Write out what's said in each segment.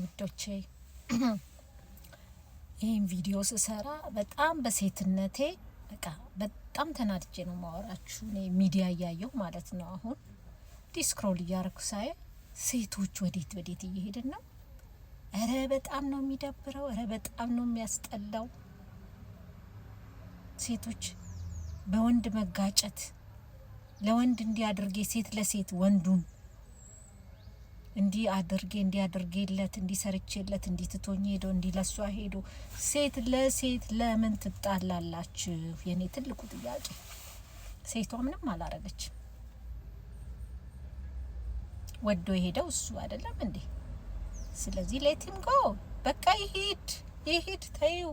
ውዶቼ ይህን ቪዲዮ ስሰራ በጣም በሴትነቴ በቃ በጣም ተናድጄ ነው ማወራችሁ። እኔ ሚዲያ እያየሁ ማለት ነው። አሁን ዲስክሮል እያረኩ ሳይ ሴቶች ወዴት ወዴት እየሄድን ነው? እረ በጣም ነው የሚደብረው። እረ በጣም ነው የሚያስጠላው። ሴቶች በወንድ መጋጨት ለወንድ እንዲያደርግ ሴት ለሴት ወንዱን እንዲህ አድርጌ እንዲህ አድርጌለት እንዲህ ሰርቼለት እንዲህ ትቶኝ ሄዶ እንዲህ ለሷ ሄዶ ሴት ለሴት ለምን ትጣላላችሁ? የኔ ትልቁ ጥያቄ። ሴቷ ምንም አላረገች ወዶ የሄደው እሱ አይደለም እንዴ? ስለዚህ ሌቲም ጎ በቃ ይሄድ ይሄድ፣ ተይው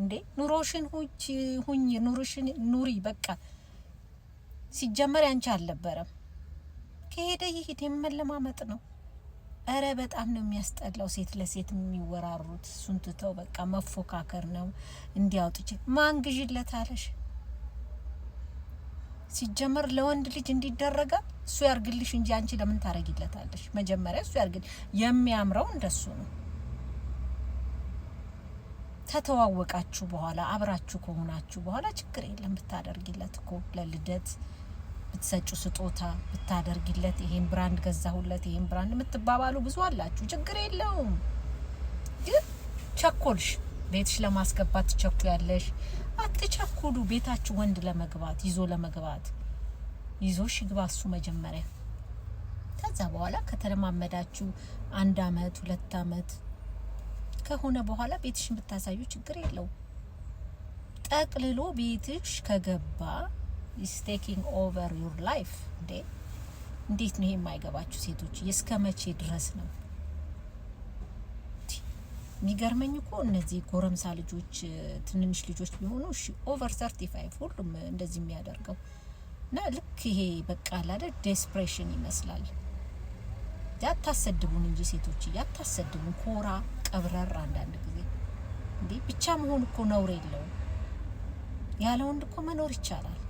እንዴ ኑሮሽን ሁጭ ሁኝ ኑሮሽን ኑሪ በቃ። ሲጀመር ያንቺ አልነበረም። ከሄደ ይሄድ የመለማመጥ ነው። እረ በጣም ነው የሚያስጠላው። ሴት ለሴት የሚወራሩት እሱን ትተው በቃ መፎካከር ነው። እንዲያውጥች ማን ግዥለት አለሽ? ሲጀመር ለወንድ ልጅ እንዲደረጋል እሱ ያርግልሽ እንጂ አንቺ ለምን ታረጊለታለሽ? መጀመሪያ እሱ ያርግል። የሚያምረው እንደሱ ነው። ከተዋወቃችሁ በኋላ አብራችሁ ከሆናችሁ በኋላ ችግር የለም ብታደርጊለት እኮ ለልደት ብትሰጩ ስጦታ ብታደርጊለት፣ ይሄን ብራንድ ገዛሁለት፣ ይሄን ብራንድ የምትባባሉ ብዙ አላችሁ። ችግር የለውም ግን ቸኮልሽ፣ ቤትሽ ለማስገባት ትቸኩ ያለሽ። አትቸኩሉ። ቤታችሁ ወንድ ለመግባት ይዞ ለመግባት ይዞሽ ይግባ እሱ መጀመሪያ። ከዛ በኋላ ከተለማመዳችሁ አንድ አመት ሁለት አመት ከሆነ በኋላ ቤትሽን ብታሳዩ ችግር የለውም። ጠቅልሎ ቤትሽ ከገባ ኢስ ቴኪንግ ኦቨር ዩር ላይፍ። እንዴ እንዴት ነው የማይገባችሁ ሴቶች? እስከ መቼ ድረስ ነው? የሚገርመኝ እኮ እነዚህ ጎረምሳ ልጆች ትንንሽ ልጆች ቢሆኑ እሺ፣ ኦቨር ሰርቲ ፋይቭ ሁሉም እንደዚህ የሚያደርገው እና ልክ ይሄ በቃ አላደ ዴስፕሬሽን ይመስላል። ያታሰድቡን እንጂ ሴቶች ያታሰድቡን። ኮራ ቀብረር አንዳንድ ጊዜ እንዴ ብቻ መሆን እኮ ነውር የለውም። ያለ ወንድ እኮ መኖር ይቻላል።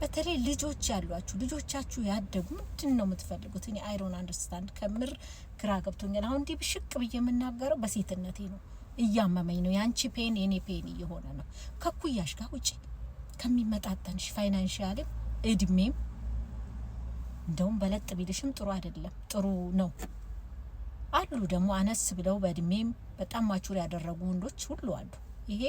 በተለይ ልጆች ያሏችሁ ልጆቻችሁ ያደጉ ምንድን ነው የምትፈልጉት? እኔ አይሮን አንደርስታንድ ከምር ግራ ገብቶኛል። አሁን እንዲህ ብሽቅ ብዬ የምናገረው በሴትነቴ ነው። እያመመኝ ነው። የአንቺ ፔን የኔ ፔን እየሆነ ነው። ከኩያሽ ጋር ውጪ ከሚመጣጠንሽ ፋይናንሽያልም እድሜም እንደውም በለጥ ቢልሽም ጥሩ አይደለም፣ ጥሩ ነው አሉ ደግሞ አነስ ብለው በእድሜም በጣም ማቹር ያደረጉ ወንዶች ሁሉ አሉ። ይሄ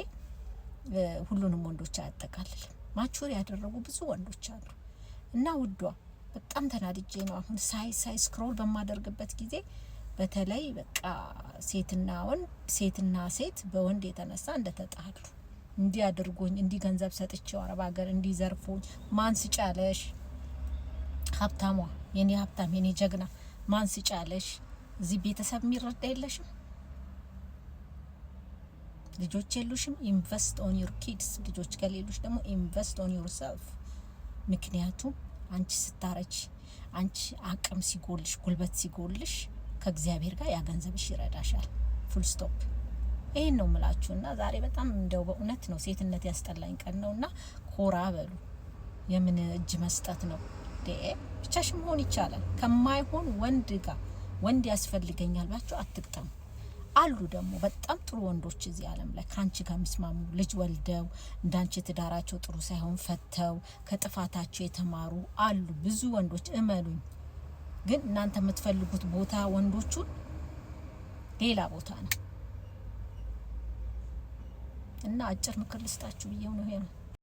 ሁሉንም ወንዶች አያጠቃልልም። ማቹር ያደረጉ ብዙ ወንዶች አሉ እና ውዷ በጣም ተናድጄ ነው አሁን ሳይ ሳይ ስክሮል በማደርግበት ጊዜ በተለይ በቃ ሴትና ወንድ ሴትና ሴት በወንድ የተነሳ እንደተጣሉ እንዲያድርጎኝ አድርጎኝ እንዲህ ገንዘብ ሰጥቼው አረብ ሀገር እንዲህ ዘርፎኝ ማን ስጫለሽ ሀብታሟ የኔ ሀብታም የኔ ጀግና ማን ስጫለሽ እዚህ ቤተሰብ የሚረዳ የለሽም ልጆች የሉሽም፣ ኢንቨስት ኦን ዩር ኪድስ። ልጆች ከሌሉሽ ደግሞ ኢንቨስት ኦን ዩር ሰልፍ። ምክንያቱም አንቺ ስታረች፣ አንቺ አቅም ሲጎልሽ፣ ጉልበት ሲጎልሽ ከእግዚአብሔር ጋር ያገንዘብሽ ይረዳሻል። ፉል ስቶፕ። ይህን ነው ምላችሁ እና ዛሬ በጣም እንደው በእውነት ነው ሴትነት ያስጠላኝ ቀን ነው እና ኮራ በሉ። የምን እጅ መስጠት ነው? ብቻሽ መሆን ይቻላል። ከማይሆን ወንድ ጋር ወንድ ያስፈልገኛል ባችሁ አትግጠሙ። አሉ ደግሞ በጣም ጥሩ ወንዶች እዚህ ዓለም ላይ ከአንቺ ጋር ልጅ ወልደው እንዳንቺ ትዳራቸው ጥሩ ሳይሆን ፈተው ከጥፋታቸው የተማሩ አሉ ብዙ ወንዶች እመኑኝ። ግን እናንተ የምትፈልጉት ቦታ ወንዶቹን ሌላ ቦታ ነው እና አጭር ምክር ልስጣችሁ ብዬ ነው።